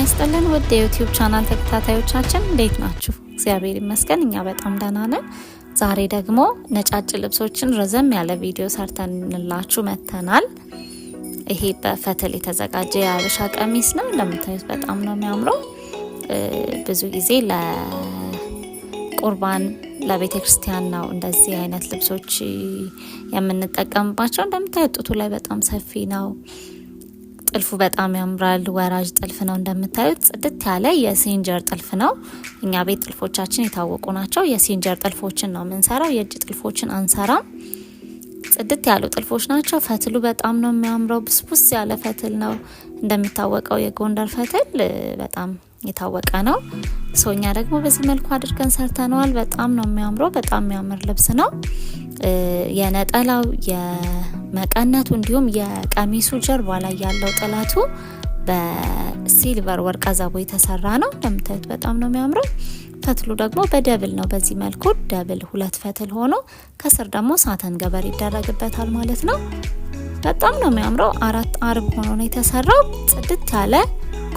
ይስጥልን ውድ የዩቲዩብ ቻናል ተከታታዮቻችን እንዴት ናችሁ? እግዚአብሔር ይመስገን እኛ በጣም ደህና ነን። ዛሬ ደግሞ ነጫጭ ልብሶችን ረዘም ያለ ቪዲዮ ሰርተንላችሁ መጥተናል። ይሄ በፈትል የተዘጋጀ የሀበሻ ቀሚስ ነው። እንደምታዩት በጣም ነው የሚያምረው። ብዙ ጊዜ ለቁርባን ለቤተ ክርስቲያን ነው እንደዚህ አይነት ልብሶች የምንጠቀምባቸው። እንደምታዩት ጡቱ ላይ በጣም ሰፊ ነው። ጥልፉ በጣም ያምራል። ወራጅ ጥልፍ ነው እንደምታዩት፣ ጽድት ያለ የሲንጀር ጥልፍ ነው። እኛ ቤት ጥልፎቻችን የታወቁ ናቸው። የሲንጀር ጥልፎችን ነው የምንሰራው፣ የእጅ ጥልፎችን አንሰራም። ጽድት ያሉ ጥልፎች ናቸው። ፈትሉ በጣም ነው የሚያምረው። ብስቡስ ያለ ፈትል ነው። እንደሚታወቀው የጎንደር ፈትል በጣም የታወቀ ነው። ሶኛ ደግሞ በዚህ መልኩ አድርገን ሰርተነዋል። በጣም ነው የሚያምረው። በጣም የሚያምር ልብስ ነው። የነጠላው፣ የመቀነቱ እንዲሁም የቀሚሱ ጀርባ ላይ ያለው ጥለቱ በሲልቨር ወርቅ ዘቦ የተሰራ ነው። እንደምታዩት በጣም ነው የሚያምረው። ፈትሉ ደግሞ በደብል ነው። በዚህ መልኩ ደብል ሁለት ፈትል ሆኖ ከስር ደግሞ ሳተን ገበር ይደረግበታል ማለት ነው። በጣም ነው የሚያምረው። አራት አርብ ሆኖ ነው የተሰራው። ጽድት ያለ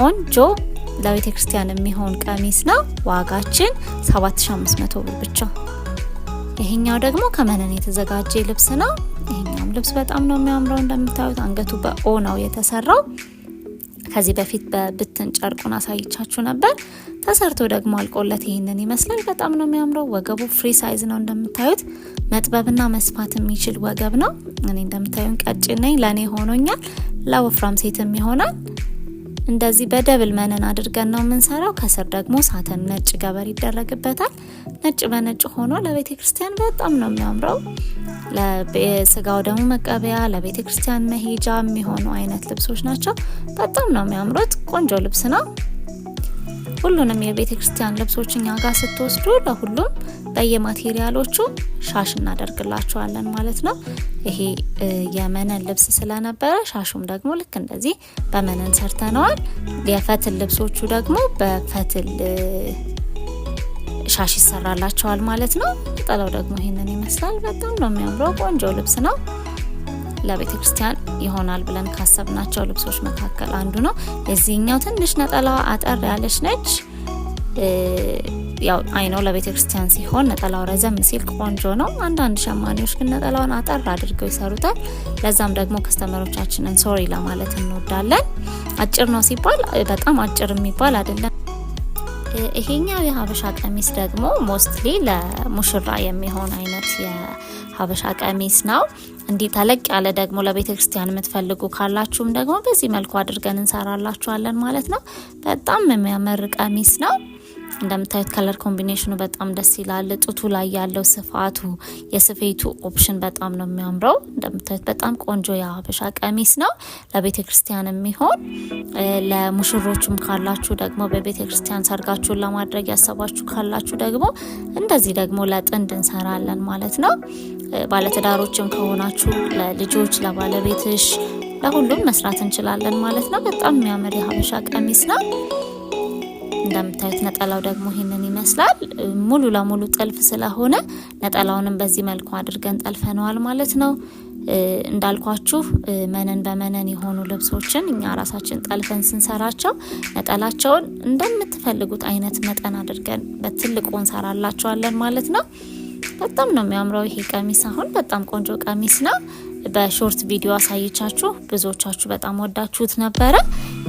ቆንጆ ለቤተ ክርስቲያን የሚሆን ቀሚስ ነው። ዋጋችን 7500 ብር ብቻ። ይሄኛው ደግሞ ከመነን የተዘጋጀ ልብስ ነው። ይሄኛውም ልብስ በጣም ነው የሚያምረው። እንደምታዩት አንገቱ በኦ ነው የተሰራው። ከዚህ በፊት በብትን ጨርቁን አሳይቻችሁ ነበር። ተሰርቶ ደግሞ አልቆለት ይህንን ይመስላል። በጣም ነው የሚያምረው። ወገቡ ፍሪ ሳይዝ ነው እንደምታዩት፣ መጥበብና መስፋት የሚችል ወገብ ነው። እኔ እንደምታዩን ቀጭን ነኝ፣ ለእኔ ሆኖኛል። ለወፍራም ሴትም ይሆናል። እንደዚህ በደብል መነን አድርገን ነው የምንሰራው። ከስር ደግሞ ሳተን ነጭ ገበር ይደረግበታል። ነጭ በነጭ ሆኖ ለቤተ ክርስቲያን በጣም ነው የሚያምረው። ለስጋው ደግሞ መቀበያ ለቤተ ክርስቲያን መሄጃ የሚሆኑ አይነት ልብሶች ናቸው። በጣም ነው የሚያምሩት። ቆንጆ ልብስ ነው። ሁሉንም የቤተ ክርስቲያን ልብሶች እኛ ጋር ስትወስዱ ለሁሉም በየማቴሪያሎቹ ሻሽ እናደርግላቸዋለን ማለት ነው። ይሄ የመነን ልብስ ስለነበረ ሻሹም ደግሞ ልክ እንደዚህ በመነን ሰርተነዋል። የፈትል ልብሶቹ ደግሞ በፈትል ሻሽ ይሰራላቸዋል ማለት ነው። ጥለው ደግሞ ይህንን ይመስላል። በጣም ነው የሚያምረው። ቆንጆ ልብስ ነው። ለቤተ ክርስቲያን ይሆናል ብለን ካሰብናቸው ልብሶች መካከል አንዱ ነው። የዚህኛው ትንሽ ነጠላ አጠር ያለች ነች። ያው አይነው ለቤተ ክርስቲያን ሲሆን ነጠላው ረዘም ሲል ቆንጆ ነው። አንዳንድ ሸማኔዎች ግን ነጠላውን አጠር አድርገው ይሰሩታል። ለዛም ደግሞ ከስተመሮቻችንን ሶሪ ለማለት እንወዳለን። አጭር ነው ሲባል በጣም አጭር የሚባል አይደለም። ይሄኛው የሀበሻ ቀሚስ ደግሞ ሞስትሊ ለሙሽራ የሚሆን አይነት ሀበሻ ቀሚስ ነው። እንዲህ ተለቅ ያለ ደግሞ ለቤተ ክርስቲያን የምትፈልጉ ካላችሁም ደግሞ በዚህ መልኩ አድርገን እንሰራላችኋለን ማለት ነው። በጣም የሚያምር ቀሚስ ነው። እንደምታዩት ከለር ኮምቢኔሽኑ በጣም ደስ ይላል። ጡቱ ላይ ያለው ስፋቱ የስፌቱ ኦፕሽን በጣም ነው የሚያምረው። እንደምታዩት በጣም ቆንጆ የሀበሻ ቀሚስ ነው። ለቤተ ክርስቲያን የሚሆን ለሙሽሮቹም ካላችሁ ደግሞ በቤተ ክርስቲያን ሰርጋችሁን ለማድረግ ያሰባችሁ ካላችሁ ደግሞ እንደዚህ ደግሞ ለጥንድ እንሰራለን ማለት ነው። ባለትዳሮችም ከሆናችሁ ለልጆች፣ ለባለቤትሽ፣ ለሁሉም መስራት እንችላለን ማለት ነው። በጣም የሚያምር የሀበሻ ቀሚስ ነው። እንደምታዩት ነጠላው ደግሞ ይህንን ይመስላል። ሙሉ ለሙሉ ጥልፍ ስለሆነ ነጠላውንም በዚህ መልኩ አድርገን ጠልፈነዋል ማለት ነው። እንዳልኳችሁ መነን በመነን የሆኑ ልብሶችን እኛ ራሳችን ጠልፈን ስንሰራቸው ነጠላቸውን እንደምትፈልጉት አይነት መጠን አድርገን በትልቁ እንሰራላቸዋለን ማለት ነው። በጣም ነው የሚያምረው ይሄ ቀሚስ። አሁን በጣም ቆንጆ ቀሚስ ነው። በሾርት ቪዲዮ አሳይቻችሁ ብዙዎቻችሁ በጣም ወዳችሁት ነበረ።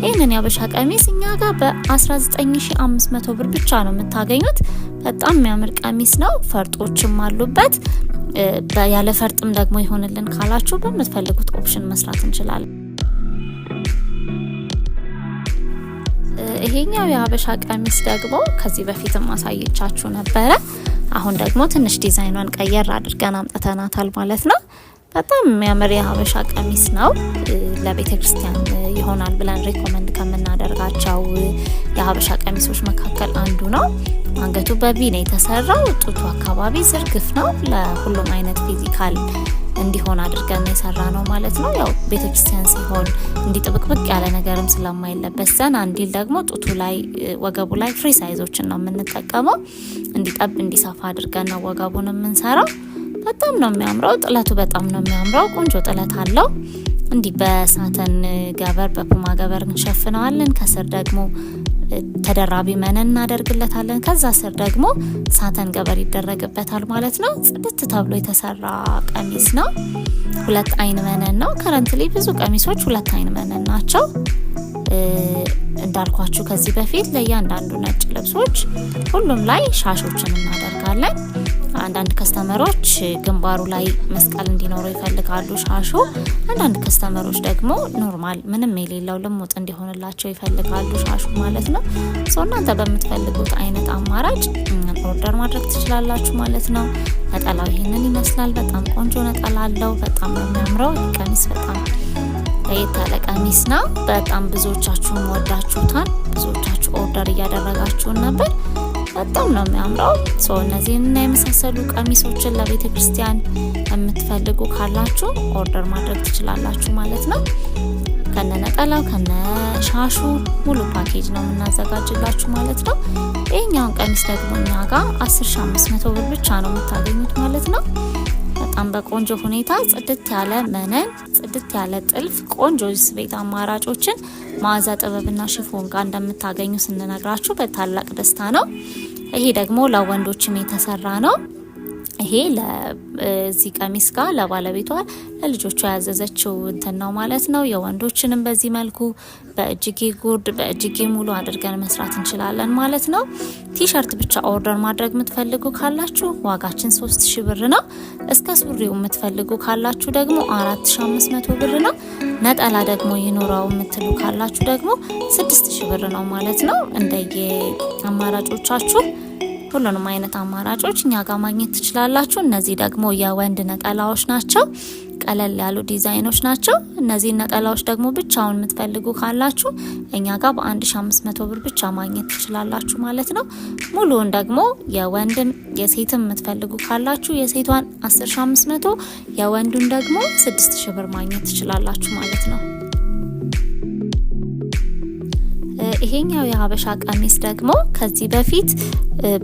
ይህንን ያበሻ ቀሚስ እኛ ጋር በ19500 ብር ብቻ ነው የምታገኙት። በጣም የሚያምር ቀሚስ ነው። ፈርጦችም አሉበት። ያለ ፈርጥም ደግሞ ይሆንልን ካላችሁ በምትፈልጉት ኦፕሽን መስራት እንችላለን። ይሄኛው የሀበሻ ቀሚስ ደግሞ ከዚህ በፊትም አሳየቻችሁ ነበረ። አሁን ደግሞ ትንሽ ዲዛይኗን ቀየር አድርገን አምጥተናታል ማለት ነው። በጣም የሚያምር የሀበሻ ቀሚስ ነው። ለቤተ ክርስቲያን ይሆናል ብለን ሪኮመንድ ከምናደርጋቸው የሀበሻ ቀሚሶች መካከል አንዱ ነው። አንገቱ በቢ ነው የተሰራው። ጡቱ አካባቢ ዝርግፍ ነው። ለሁሉም አይነት ፊዚካል እንዲሆን አድርገን የሰራ ነው ማለት ነው። ያው ቤተ ክርስቲያን ሲሆን እንዲጥብቅብቅ ያለ ነገርም ስለማይለበስ ዘን አንዲል ደግሞ ጡቱ ላይ ወገቡ ላይ ፍሪ ሳይዞችን ነው የምንጠቀመው። እንዲጠብ እንዲሰፋ አድርገን ነው ወገቡን የምንሰራው። በጣም ነው የሚያምረው። ጥለቱ በጣም ነው የሚያምረው። ቆንጆ ጥለት አለው። እንዲህ በሳተን ገበር በፑማ ገበር እንሸፍነዋለን። ከስር ደግሞ ተደራቢ መነን እናደርግለታለን። ከዛ ስር ደግሞ ሳተን ገበር ይደረግበታል ማለት ነው። ጽድት ተብሎ የተሰራ ቀሚስ ነው። ሁለት አይን መነን ነው። ከረንትሊ ብዙ ቀሚሶች ሁለት አይን መነን ናቸው። እንዳልኳችሁ ከዚህ በፊት ለእያንዳንዱ ነጭ ልብሶች ሁሉም ላይ ሻሾችን እናደርጋለን። አንዳንድ ከስተመሮች ግንባሩ ላይ መስቀል እንዲኖረው ይፈልጋሉ ሻሹ። አንዳንድ ከስተመሮች ደግሞ ኖርማል ምንም የሌለው ልሙጥ እንዲሆንላቸው ይፈልጋሉ ሻሹ ማለት ነው። እናንተ በምትፈልጉት አይነት አማራጭ ኦርደር ማድረግ ትችላላችሁ ማለት ነው። ነጠላው ይህንን ይመስላል። በጣም ቆንጆ ነጠላ አለው። በጣም የሚያምረው። ቀሚስ በጣም ለየት ያለ ቀሚስ ነው። በጣም ብዙዎቻችሁም ወዳችሁታል። ብዙዎቻችሁ ኦርደር እያደረጋችሁን ነበር። በጣም ነው የሚያምረው። እና የመሳሰሉ ቀሚሶችን ለቤተ ክርስቲያን የምትፈልጉ ካላችሁ ኦርደር ማድረግ ትችላላችሁ ማለት ነው። ከነ ነጠላው ከነ ሻሹ ሙሉ ፓኬጅ ነው የምናዘጋጅላችሁ ማለት ነው። ይህኛውን ቀሚስ ደግሞ እኛ ጋር 10500 ብር ብቻ ነው የምታገኙት ማለት ነው። በጣም በቆንጆ ሁኔታ ጽድት ያለ መነን፣ ጽድት ያለ ጥልፍ፣ ቆንጆ ስቤት አማራጮችን መዓዛ ጥበብና ሽፎን ጋር እንደምታገኙ ስንነግራችሁ በታላቅ ደስታ ነው። ይሄ ደግሞ ለወንዶችም የተሰራ ነው። ይሄ ለዚህ ቀሚስ ጋር ለባለቤቷ ለልጆቿ ያዘዘችው እንትን ነው ማለት ነው። የወንዶችንም በዚህ መልኩ በእጅጌ ጉርድ በእጅጌ ሙሉ አድርገን መስራት እንችላለን ማለት ነው። ቲሸርት ብቻ ኦርደር ማድረግ የምትፈልጉ ካላችሁ ዋጋችን ሶስት ሺ ብር ነው። እስከ ሱሪው የምትፈልጉ ካላችሁ ደግሞ አራት ሺ አምስት መቶ ብር ነው። ነጠላ ደግሞ ይኑረው የምትሉ ካላችሁ ደግሞ ስድስት ሺ ብር ነው ማለት ነው እንደየ አማራጮቻችሁ ሁሉንም አይነት አማራጮች እኛ ጋር ማግኘት ትችላላችሁ። እነዚህ ደግሞ የወንድ ነጠላዎች ናቸው። ቀለል ያሉ ዲዛይኖች ናቸው። እነዚህን ነጠላዎች ደግሞ ብቻውን የምትፈልጉ ካላችሁ እኛ ጋር አምስት መቶ ብር ብቻ ማግኘት ትችላላችሁ ማለት ነው። ሙሉውን ደግሞ የወንድም የሴትም የምትፈልጉ ካላችሁ የሴቷን መቶ የወንዱን ደግሞ ሺ ብር ማግኘት ትችላላችሁ ማለት ነው። ይሄኛው የሀበሻ ቀሚስ ደግሞ ከዚህ በፊት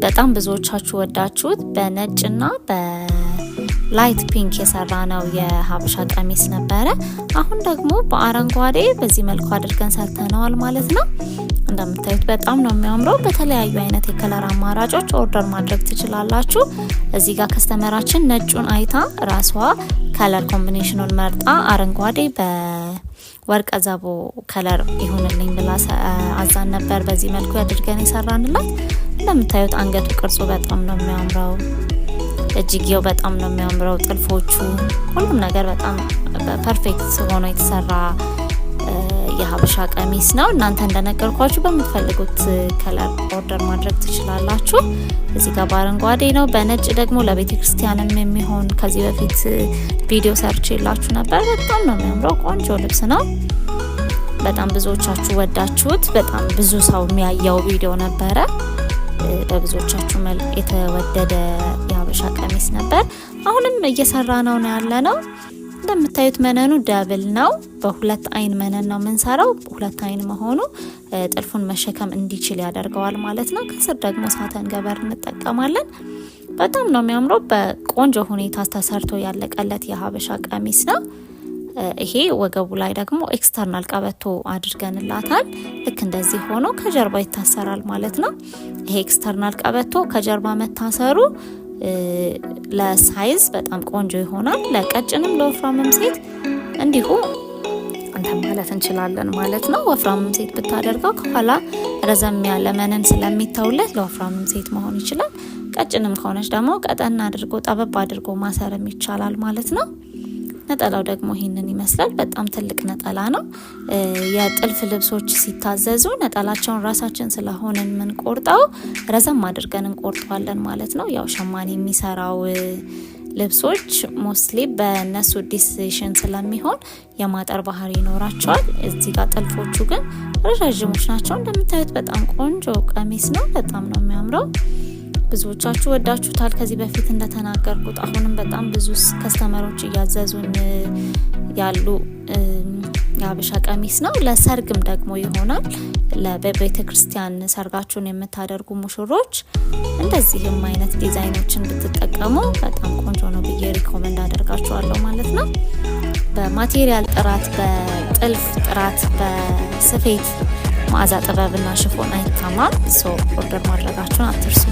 በጣም ብዙዎቻችሁ ወዳችሁት በነጭና በላይት ፒንክ የሰራ ነው የሀበሻ ቀሚስ ነበረ። አሁን ደግሞ በአረንጓዴ በዚህ መልኩ አድርገን ሰርተነዋል ማለት ነው። እንደምታዩት በጣም ነው የሚያምረው። በተለያዩ አይነት የከለር አማራጮች ኦርደር ማድረግ ትችላላችሁ። እዚህ ጋር ከስተመራችን ነጩን አይታ ራሷ ከለር ኮምቢኔሽኑን መርጣ አረንጓዴ በ ወርቀ ዘቦ ከለር ይሁንልኝ ብላ አዛን ነበር። በዚህ መልኩ አድርገን የሰራንላት እንደምታዩት አንገቱ ቅርጹ በጣም ነው የሚያምረው። እጅጌው በጣም ነው የሚያምረው። ጥልፎቹ፣ ሁሉም ነገር በጣም ፐርፌክት ሆኖ የተሰራ የሀበሻ ቀሚስ ነው። እናንተ እንደነገርኳችሁ በምትፈልጉት ከለር ኦርደር ማድረግ ትችላላችሁ። እዚህ ጋር በአረንጓዴ ነው። በነጭ ደግሞ ለቤተ ክርስቲያንም የሚሆን ከዚህ በፊት ቪዲዮ ሰርች የላችሁ ነበር። በጣም ነው የሚያምረው። ቆንጆ ልብስ ነው። በጣም ብዙዎቻችሁ ወዳችሁት፣ በጣም ብዙ ሰው የሚያየው ቪዲዮ ነበረ። በብዙዎቻችሁ መልክ የተወደደ የሀበሻ ቀሚስ ነበር። አሁንም እየሰራ ነው ነው ያለ ነው እንደምታዩት መነኑ ዳብል ነው። በሁለት አይን መነን ነው የምንሰራው። ሁለት አይን መሆኑ ጥልፉን መሸከም እንዲችል ያደርገዋል ማለት ነው። ከስር ደግሞ ሳተን ገበር እንጠቀማለን። በጣም ነው የሚያምረው። በቆንጆ ሁኔታ ተሰርቶ ያለቀለት የሀበሻ ቀሚስ ነው። ይሄ ወገቡ ላይ ደግሞ ኤክስተርናል ቀበቶ አድርገንላታል። ልክ እንደዚህ ሆኖ ከጀርባ ይታሰራል ማለት ነው። ይሄ ኤክስተርናል ቀበቶ ከጀርባ መታሰሩ ለሳይዝ በጣም ቆንጆ ይሆናል። ለቀጭንም ለወፍራምም ሴት እንዲሁ እንትን ማለት እንችላለን ማለት ነው። ወፍራምም ሴት ብታደርገው ከኋላ ረዘም ያለ መነን ስለሚተውለት ለወፍራምም ሴት መሆን ይችላል። ቀጭንም ከሆነች ደግሞ ቀጠና አድርጎ ጠበብ አድርጎ ማሰርም ይቻላል ማለት ነው። ነጠላው ደግሞ ይህንን ይመስላል። በጣም ትልቅ ነጠላ ነው። የጥልፍ ልብሶች ሲታዘዙ ነጠላቸውን ራሳችን ስለሆንን የምንቆርጠው ረዘም አድርገን እንቆርጠዋለን ማለት ነው። ያው ሸማኔ የሚሰራው ልብሶች ሞስትሊ በእነሱ ዲሲሽን ስለሚሆን የማጠር ባህሪ ይኖራቸዋል። እዚህ ጋር ጥልፎቹ ግን ረዣዥሞች ናቸው። እንደምታዩት በጣም ቆንጆ ቀሚስ ነው። በጣም ነው የሚያምረው። ብዙዎቻችሁ ወዳችሁታል። ከዚህ በፊት እንደተናገርኩት አሁንም በጣም ብዙ ከስተመሮች እያዘዙን ያሉ የሀበሻ ቀሚስ ነው። ለሰርግም ደግሞ ይሆናል። ለቤተ ክርስቲያን ሰርጋችሁን የምታደርጉ ሙሽሮች እንደዚህም አይነት ዲዛይኖችን ብትጠቀሙ በጣም ቆንጆ ነው ብዬ ሪኮመንድ አደርጋችኋለሁ ማለት ነው። በማቴሪያል ጥራት፣ በጥልፍ ጥራት፣ በስፌት መዓዛ ጥበብና ሽፎን አይታማም። ሶ ኦርደር ማድረጋችሁን አትርሱ።